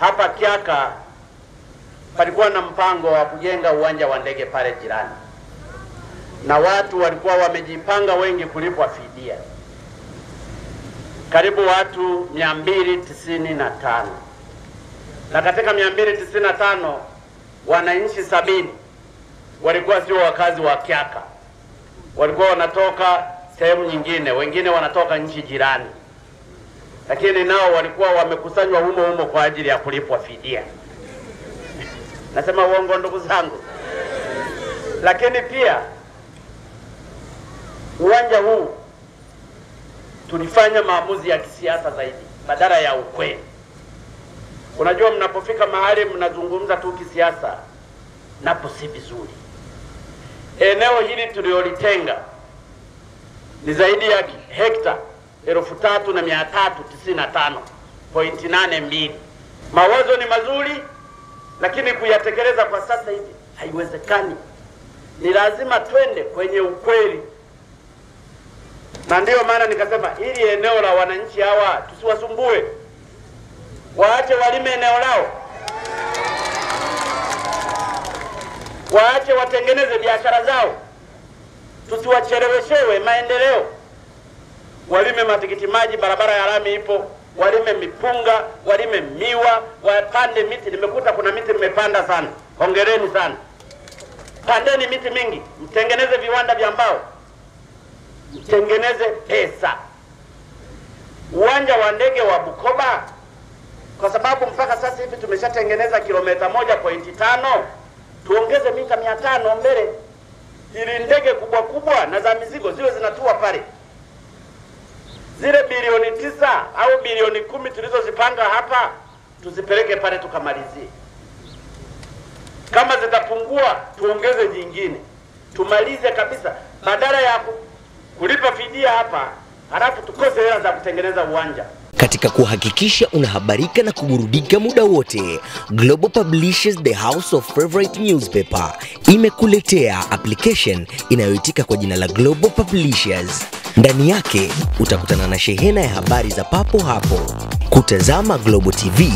hapa kiaka palikuwa na mpango wa kujenga uwanja wa ndege pale jirani, na watu walikuwa wamejipanga wengi kulipwa fidia, karibu watu 295 na katika 295 wananchi sabini walikuwa sio wakazi wa kiaka walikuwa wanatoka sehemu nyingine, wengine wanatoka nchi jirani lakini nao walikuwa wamekusanywa humo humo kwa ajili ya kulipwa fidia. Nasema uongo ndugu zangu? Lakini pia uwanja huu tulifanya maamuzi ya kisiasa zaidi badala ya ukweli. Unajua, mnapofika mahali mnazungumza tu kisiasa, napo si vizuri. Eneo hili tuliolitenga ni zaidi ya hekta elfu tatu na mia tatu tisini na tano pointi nane mbili. Mawazo ni mazuri, lakini kuyatekeleza kwa sasa hivi haiwezekani. Ni lazima twende kwenye ukweli, na ndiyo maana nikasema ili eneo la wananchi hawa tusiwasumbue, waache walime eneo lao, waache watengeneze biashara zao, tusiwacheleweshewe maendeleo walime matikiti maji, barabara ya lami ipo, walime mipunga, walime miwa, wapande miti. Nimekuta kuna miti mmepanda sana, hongereni sana. Pandeni miti mingi, mtengeneze viwanda vya mbao, mtengeneze pesa. Uwanja wa ndege wa Bukoba, kwa sababu mpaka sasa hivi tumeshatengeneza kilomita moja pointi tano tuongeze mita mia tano mbele, ili ndege kubwa kubwa na za mizigo ziwe zinatua tisa au bilioni kumi tulizozipanga hapa tuzipeleke pale tukamalizie. Kama zitapungua tuongeze nyingine, tumalize kabisa, badala ya kulipa fidia hapa halafu tukose hela za kutengeneza uwanja. Katika kuhakikisha unahabarika na kuburudika muda wote, Global Publishers The House of Favorite Newspaper imekuletea application inayoitika kwa jina la Global Publishers. Ndani yake utakutana na shehena ya habari za papo hapo, kutazama Global TV,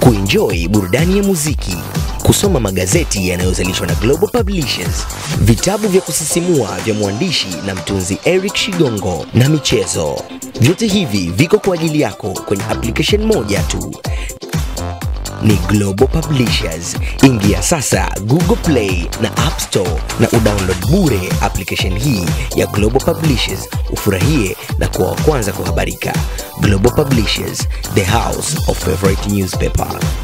kuenjoy burudani ya muziki, kusoma magazeti yanayozalishwa na Global Publishers, vitabu vya kusisimua vya mwandishi na mtunzi Eric Shigongo na michezo. Vyote hivi viko kwa ajili yako kwenye application moja tu ni Global Publishers. Ingia sasa Google Play na App Store na udownload bure application hii ya Global Publishers, ufurahie na kuwa wa kwanza kuhabarika. Global Publishers, the house of favorite newspaper.